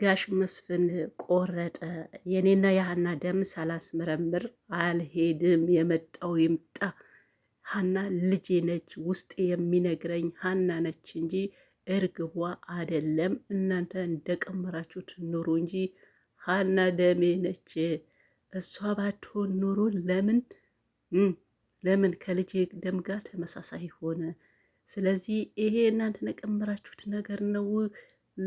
ጋሽ መስፍን ቆረጠ። የኔና የሀና ደም ሳላስመረምር አልሄድም። የመጣው ይምጣ። ሀና ልጄ ነች። ውስጥ የሚነግረኝ ሀና ነች እንጂ እርግቧ አደለም እናንተ እንደቀመራችሁት ኑሩ እንጂ ሀና ደሜ ነች። እሷ ባትሆን ኑሮ ለምን ለምን ከልጄ ደም ጋር ተመሳሳይ ሆነ? ስለዚህ ይሄ እናንተ የቀመራችሁት ነገር ነው።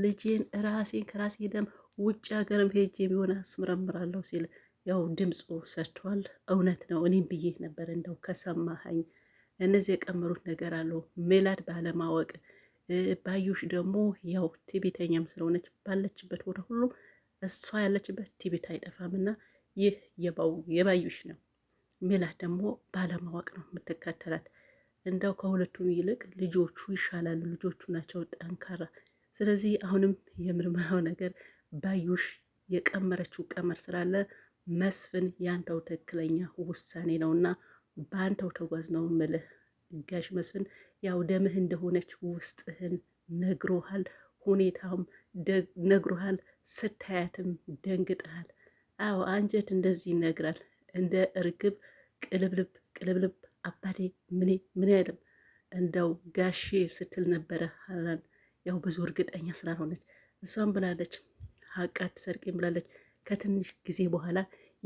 ልጄን ራሴን ከራሴ ደም ውጭ ሀገርም ሄጄ ቢሆን አስመረምራለሁ ሲል ያው ድምፁ ሰጥቷል። እውነት ነው። እኔም ብዬ ነበር እንደው ከሰማኸኝ እነዚህ የቀመሩት ነገር አለው ሜላት ባለማወቅ ባዩሽ ደግሞ ያው ቲቤተኛም ስለሆነች ባለችበት ቦታ ሁሉ እሷ ያለችበት ቲቤት አይጠፋም እና ይህ የባዩሽ ነው። ሜላት ደግሞ ባለማወቅ ነው የምትከተላት። እንደው ከሁለቱም ይልቅ ልጆቹ ይሻላሉ። ልጆቹ ናቸው ጠንካራ ስለዚህ አሁንም የምርመራው ነገር ባዩሽ የቀመረችው ቀመር ስላለ መስፍን ያንተው ትክክለኛ ውሳኔ ነውና በአንተው ተጓዝ ነው ምልህ። ጋሽ መስፍን ያው ደምህ እንደሆነች ውስጥህን ነግሮሃል፣ ሁኔታውም ነግሮሃል። ስታያትም ደንግጠሃል። አዎ አንጀት እንደዚህ ይነግራል። እንደ እርግብ ቅልብልብ ቅልብልብ አባቴ ምን ምን አይልም። እንደው ጋሼ ስትል ነበረ ሀናን ያው ብዙ እርግጠኛ ስላልሆነች እሷም ብላለች ሀቅ አትሰርቂም ብላለች። ከትንሽ ጊዜ በኋላ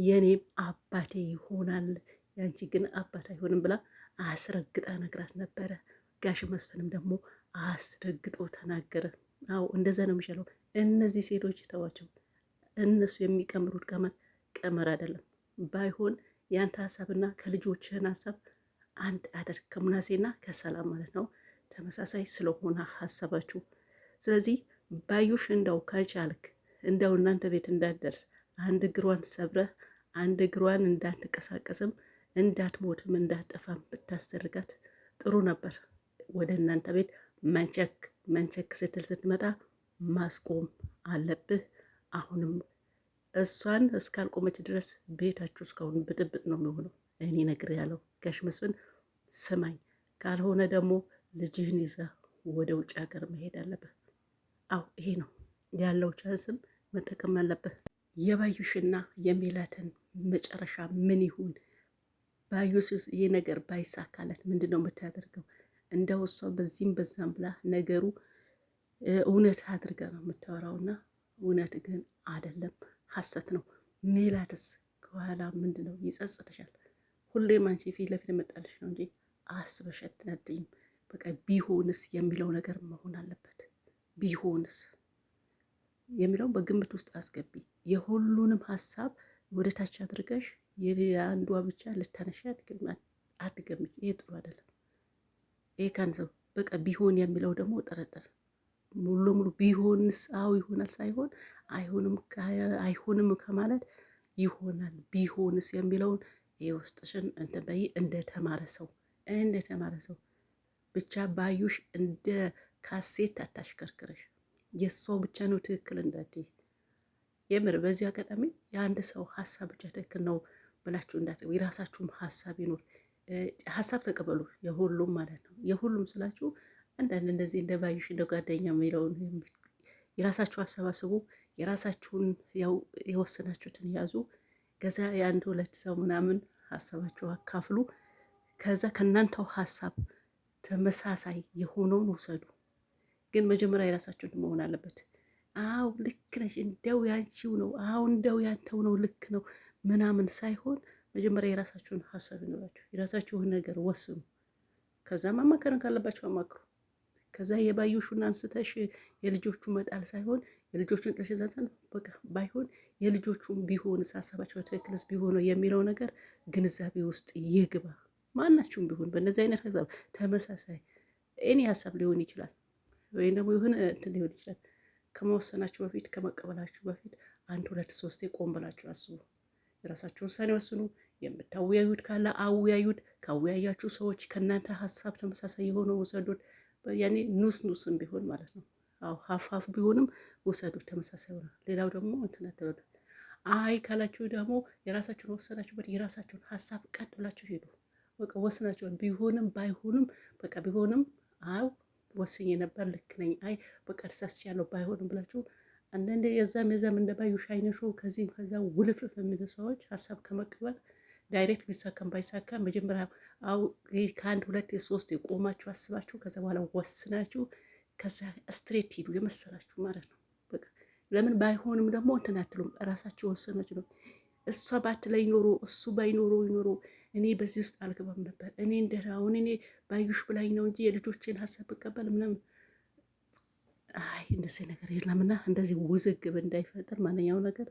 የኔም አባቴ ይሆናል ያንቺ ግን አባት አይሆንም ብላ አስረግጣ ነግራት ነበረ። ጋሽ መስፍንም ደግሞ አስረግጦ ተናገረ። አዎ እንደዛ ነው የሚሻለው። እነዚህ ሴቶች ተዋቸው። እነሱ የሚቀምሩት ቀመር ቀመር አይደለም። ባይሆን ያንተ ሀሳብና ከልጆችህን ሀሳብ አንድ አደርግ፣ ከሙናሴና ከሰላም ማለት ነው። ተመሳሳይ ስለሆነ ሀሳባችሁ። ስለዚህ ባዩሽ እንደው ከቻልክ እንደው እናንተ ቤት እንዳትደርስ አንድ እግሯን ሰብረህ አንድ እግሯን እንዳትንቀሳቀስም እንዳትሞትም እንዳትጠፋም ብታስደርጋት ጥሩ ነበር። ወደ እናንተ ቤት መንቸክ መንቸክ ስትል ስትመጣ ማስቆም አለብህ። አሁንም እሷን እስካልቆመች ድረስ ቤታችሁ እስካሁን ብጥብጥ ነው የሚሆነው። እኔ ነግሬያለሁ። ጋሽ መስፍን ስማኝ፣ ካልሆነ ደግሞ ልጅህን ይዘህ ወደ ውጭ ሀገር መሄድ አለብህ። አዎ ይሄ ነው ያለው ቻንስም መጠቀም አለብህ። የባዩሽና የሜላትን መጨረሻ ምን ይሁን? ባዩስ ይህ ነገር ባይሳካላት ምንድን ነው የምታደርገው? እንደው እሷ በዚህም በዛም ብላ ነገሩ እውነት አድርገ ነው የምታወራውና እውነት ግን አይደለም፣ ሀሰት ነው። ሜላትስ ከኋላ ምንድን ነው ይጸጽትሻል። ሁሌም አንቺ ፊት ለፊት መጣልሽ ነው እንጂ አስበሽ አትናደኝም። በቃ ቢሆንስ የሚለው ነገር መሆን አለበት። ቢሆንስ የሚለውን በግምት ውስጥ አስገቢ። የሁሉንም ሀሳብ ወደ ታች አድርገሽ የአንዷ ብቻ ልታነሻ አድገምች። ይሄ ጥሩ አይደለም። ይሄ ሰው በቃ ቢሆን የሚለው ደግሞ ጥርጥር ሙሉ ለሙሉ ቢሆንስ፣ አው ይሆናል ሳይሆን አይሆንም ከማለት ይሆናል ቢሆንስ የሚለውን ይሄ ውስጥሽን እንትን በይ። እንደተማረ ሰው እንደተማረ ሰው ብቻ ባዩሽ እንደ ካሴት አታሽከርክረሽ። የሰው ብቻ ነው ትክክል እንዳትይ። የምር በዚህ አጋጣሚ የአንድ ሰው ሀሳብ ብቻ ትክክል ነው ብላችሁ እንዳት የራሳችሁም ሀሳብ ይኖር። ሀሳብ ተቀበሉ፣ የሁሉም ማለት ነው። የሁሉም ስላችሁ አንዳንድ እንደዚህ እንደ ባዩሽ እንደ ጓደኛ የሚለውን የራሳችሁ አሰባስቡ። አስቡ። የራሳችሁን የወሰናችሁትን ያዙ። ከዛ የአንድ ሁለት ሰው ምናምን ሀሳባችሁ አካፍሉ። ከዛ ከእናንተው ሀሳብ ተመሳሳይ የሆነውን ውሰዱ። ግን መጀመሪያ የራሳችሁን መሆን አለበት። አው ልክ ነሽ፣ እንደው ያንቺው ነው፣ አው እንደው ያንተው ነው፣ ልክ ነው ምናምን ሳይሆን መጀመሪያ የራሳችሁን ሀሳብ ይኖራችሁ፣ የራሳችሁን ነገር ወስኑ። ከዛ ማማከርን ካለባችሁ አማክሩ። ከዛ የባዩሹን አንስተሽ የልጆቹ መጣል ሳይሆን የልጆቹን ጥልሽ በቃ ባይሆን የልጆቹን ቢሆን ሀሳባቸው ትክክልስ ቢሆነው የሚለው ነገር ግንዛቤ ውስጥ ይግባ። ማናችሁም ቢሆን በእነዚህ አይነት ሀሳብ ተመሳሳይ ኤኒ ሀሳብ ሊሆን ይችላል፣ ወይም ደግሞ የሆነ እንትን ሊሆን ይችላል። ከመወሰናችሁ በፊት ከመቀበላችሁ በፊት አንድ ሁለት ሶስቴ ቆም ብላችሁ አስቡ። የራሳችሁን ውሳኔ ወስኑ። የምታወያዩት ካለ አወያዩት። ካወያያችሁ ሰዎች ከእናንተ ሀሳብ ተመሳሳይ የሆነ ውሰዱት። ያኔ ኑስ ኑስም ቢሆን ማለት ነው። አዎ ሀፍሀፍ ቢሆንም ውሰዱት፣ ተመሳሳይ ሆነ። ሌላው ደግሞ እንትን አትበሉ። አይ ካላችሁ ደግሞ የራሳችሁን ወሰናችሁበት የራሳችሁን ሀሳብ ቀጥ ብላችሁ ሄዱ። በቃ ወስናቸዋል። ቢሆንም ባይሆንም በቃ ቢሆንም አው ወስኝ የነበር ልክ ነኝ አይ በቃ ያለው ባይሆንም ብላችሁ አንዳንዴ የዛም የዛም እንደባዩ ባዩሽ አይነት ከዚህም ከዛ ውልፍልፍ የሚሉ ሰዎች ሀሳብ ከመቀበል ዳይሬክት ቢሳካም ባይሳካም መጀመሪያ አው ከአንድ ሁለት የሶስት የቆማችሁ አስባችሁ ከዛ በኋላ ወስናችሁ ከዛ ስትሬት ሂዱ የመሰላችሁ ማለት ነው። በቃ ለምን ባይሆንም ደግሞ እንትን አትሉም። ራሳችሁ ወሰናችሁ ነው። እሷ ባት ላይ ኖሮ እሱ ባይኖሮ ይኖሮ እኔ በዚህ ውስጥ አልገባም ነበር። እኔ አሁን እኔ ባዩሽ ብላኝ ነው እንጂ የልጆችን ሀሳብ ብቀበል ምናምን አይ እንደዚህ ነገር የለምና እንደዚህ ውዝግብ እንዳይፈጠር ማንኛው ነገር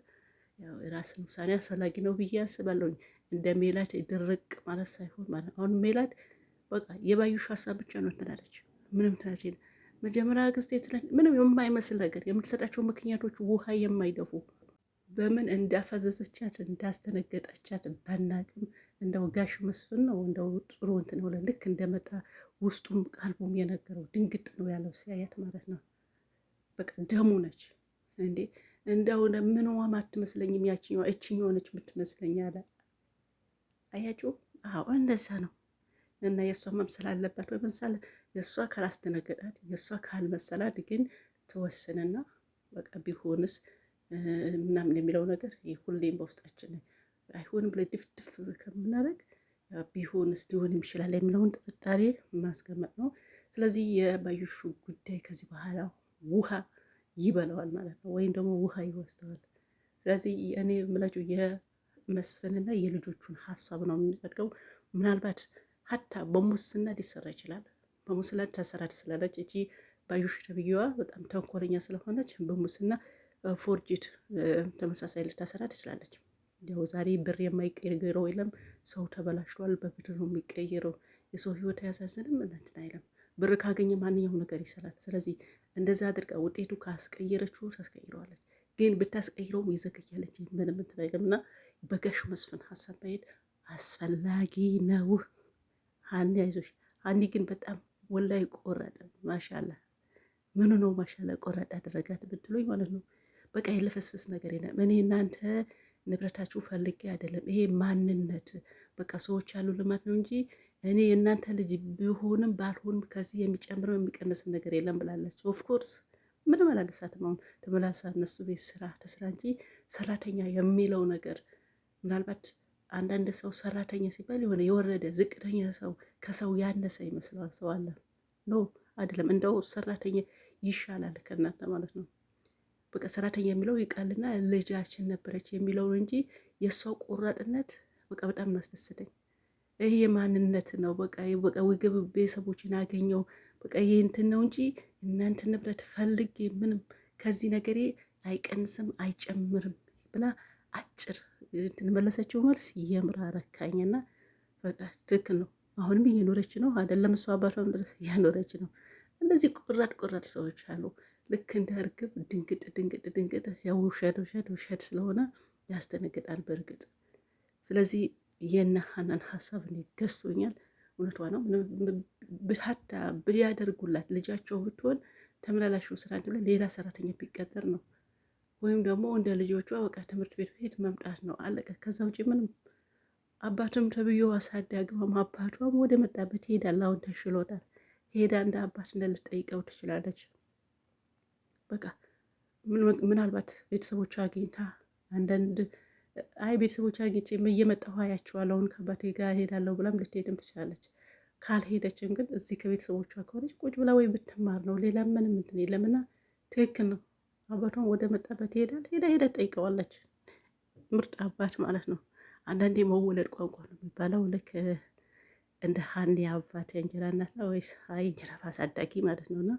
የራስን ውሳኔ አስፈላጊ ነው ብዬ አስባለሁኝ። እንደ ሜላት ድርቅ ማለት ሳይሆን ማለት አሁን ሜላት በቃ የባዩሽ ሀሳብ ብቻ ነው ትላለች፣ ምንም ትላለች መጀመሪያ ጊዜ ምንም የማይመስል ነገር የምትሰጣቸው ምክንያቶች ውሃ የማይደፉ በምን እንዳፈዘዘቻት እንዳስተነገጠቻት ባናቅም እንደው ጋሽ መስፍን ነው እንደው ጥሩ እንትን ብለ ልክ እንደመጣ ውስጡም ቀልቡም የነገረው ድንግጥ ነው ያለው ሲያያት ማለት ነው። በቃ ደሙ ነች እንዴ እንደሆነ ምንዋም አትመስለኝም፣ ያችኛዋ እችኛዋ ነች የምትመስለኝ አለ። አያችሁ? አዎ እንደዛ ነው። እና የእሷ መምሰል አለባት። በምሳሌ የእሷ ካላስተነገጣት የእሷ ካልመሰላት ግን ትወስንና በቃ ቢሆንስ ምናምን የሚለው ነገር ሁሌም በውስጣችን አይሆንም ብለ ድፍድፍ ከምናደርግ ቢሆንስ ሊሆን ይችላል የሚለውን ጥርጣሬ ማስቀመጥ ነው። ስለዚህ የባዩሹ ጉዳይ ከዚህ በኋላ ውሃ ይበላዋል ማለት ነው፣ ወይም ደግሞ ውሃ ይወስደዋል። ስለዚህ እኔ የምላቸው የመስፍንና የልጆቹን ሀሳብ ነው የሚጸድቀው። ምናልባት ሀታ በሙስና ሊሰራ ይችላል። በሙስና ተሰራ ትስላለች። እቺ ባዩሽ ተብዬዋ በጣም ተንኮለኛ ስለሆነች በሙስና ፎርጅት ተመሳሳይ ልታሰራ ትችላለች። ያው ዛሬ ብር የማይቀይረው የለም። ሰው ተበላሽቷል። በብር ነው የሚቀይረው። የሰው ህይወት አያሳዝንም እንትን አይለም። ብር ካገኘ ማንኛውም ነገር ይሰራል። ስለዚህ እንደዛ አድርጋ ውጤቱ ካስቀየረችው ታስቀይረዋለች። ግን ብታስቀይረውም ይዘገያለች። ምንም እንትን አይለም እና በጋሽ መስፍን ሀሳብ መሄድ አስፈላጊ ነው። ሀኒ አይዞሽ። አንዲ ግን በጣም ወላይ ቆረጠ። ማሻላ ምኑ ነው ማሻላ ቆረጠ ያደረጋት ብትሉኝ ማለት ነው በቃ የለፈስፍስ ነገር የለም። እኔ እናንተ ንብረታችሁ ፈልጌ አይደለም። ይሄ ማንነት በቃ ሰዎች ያሉ ልማት ነው እንጂ እኔ የእናንተ ልጅ ቢሆንም ባልሆንም ከዚህ የሚጨምርም የሚቀንስም ነገር የለም ብላለች። ኦፍኮርስ ምንም አላነሳትም። አሁን ተመላሳ እነሱ ቤት ስራ ተስራ እንጂ ሰራተኛ የሚለው ነገር ምናልባት አንዳንድ ሰው ሰራተኛ ሲባል የሆነ የወረደ ዝቅተኛ ሰው ከሰው ያነሰ ይመስለዋል። ሰው አለ ኖ አይደለም። እንደው ሰራተኛ ይሻላል ከእናንተ ማለት ነው። በቃ ሰራተኛ የሚለው ይቃልና ልጃችን ነበረች የሚለው እንጂ የእሷ ቆራጥነት በቃ በጣም አስደሰተኝ። ይሄ የማንነት ነው። በቃ በቃ ውግብ ቤተሰቦችን አገኘው በቃ ይሄ እንትን ነው እንጂ እናንተ ንብረት ፈልጌ ምንም ከዚህ ነገሬ አይቀንስም አይጨምርም ብላ አጭር እንትን መለሰችው። መልስ የምራረካኝና በቃ ትክክል ነው። አሁንም እየኖረች ነው አይደለም? እሷ አባቷም ድረስ እያኖረች ነው። እንደዚህ ቆራጥ ቆራጥ ሰዎች አሉ። ልክ እንደ እርግብ ድንግጥ ድንግጥ ድንግጥ ያው ውሸድ ውሸድ ውሸድ ስለሆነ ያስደነግጣል በእርግጥ። ስለዚህ የእነ ሀናን ሀሳብ እኔ ገዝቶኛል። እውነቷ ነው። ብታ ብያደርጉላት ልጃቸው ብትሆን ተመላላሹን ስራ እንዲብላ ሌላ ሰራተኛ ቢቀጠር ነው ወይም ደግሞ እንደ ልጆቹ በቃ ትምህርት ቤት መሄድ መምጣት ነው አለቀ። ከዛ ውጭ ምንም አባትም ተብዮ አሳዳግም አባቷም ወደ መጣበት ይሄዳል። አሁን ተሽሎታል። ሄዳ እንደ አባት እንደ ልትጠይቀው ትችላለች። በቃ ምናልባት ቤተሰቦቿ አግኝታ አንዳንድ አይ ቤተሰቦች አግኝቼ እየመጣሁ አያችኋለሁ አሁን ከአባቴ ጋር እሄዳለሁ ብላም ልትሄድም ትችላለች። ካልሄደችም ግን እዚህ ከቤተሰቦቿ ከሆነች ቁጭ ብላ ወይ ብትማር ነው። ሌላ ምንም እንትን የለምና ትክክል ነው። አባቷን ወደ መጣበት ይሄዳል። ሄዳ ሄዳ ጠይቀዋለች። ምርጥ አባት ማለት ነው። አንዳንዴ መወለድ ቋንቋ ነው የሚባለው። ልክ እንደ ሀኒ አባት የእንጀራ እናት ነው ወይስ አይ እንጀራ አሳዳጊ ማለት ነው እና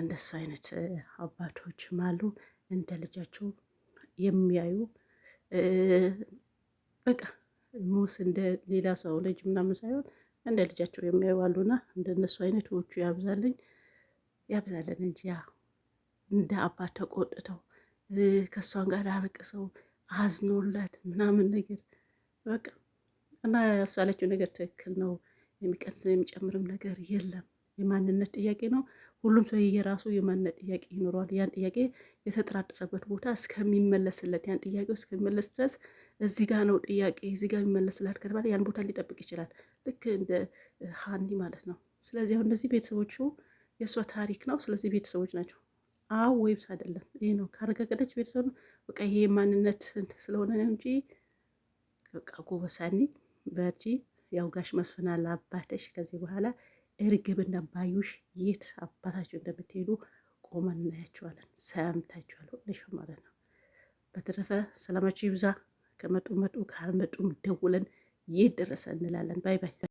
እንደሱ አይነት አባቶችም አሉ እንደ ልጃቸው የሚያዩ በቃ ሙስ እንደ ሌላ ሰው ልጅ ምናምን ሳይሆን እንደ ልጃቸው የሚያዩ አሉና እንደነሱ አይነቶቹ ያብዛልኝ ያብዛልን እንጂ ያ እንደ አባት ተቆጥተው ከእሷን ጋር አርቅሰው አዝኖላት ምናምን ነገር በቃ እና እሷ ያለችው ነገር ትክክል ነው። የሚቀንስ የሚጨምርም ነገር የለም። የማንነት ጥያቄ ነው። ሁሉም ሰው የየራሱ የማንነት ጥያቄ ይኖረዋል። ያን ጥያቄ የተጠራጠረበት ቦታ እስከሚመለስለት ያን ጥያቄው እስከሚመለስ ድረስ እዚህ ጋ ነው ጥያቄ እዚህ ጋር የሚመለስላት ከተባለ ያን ቦታ ሊጠብቅ ይችላል። ልክ እንደ ሀኒ ማለት ነው። ስለዚህ አሁን እነዚህ ቤተሰቦቹ የእሷ ታሪክ ነው። ስለዚህ ቤተሰቦች ናቸው። አዎ ወይብስ አይደለም። ይሄ ነው ካረጋገጠች ቤተሰብ ነው። በቃ ይሄ ማንነት ስለሆነ ነው እንጂ በቃ ጎበሳኒ በርቺ ያው ጋሽ መስፍን አለ ከዚህ በኋላ እርግብና ባዩሽ የት አባታቸው እንደምትሄዱ ቆመን እናያቸዋለን። ሰምታችኋል፣ ሁልሽም ማለት ነው። በተረፈ ሰላማችሁ ይብዛ። ከመጡ መጡ፣ ካልመጡም ደውለን የት ደረሰ እንላለን። ባይ ባይ።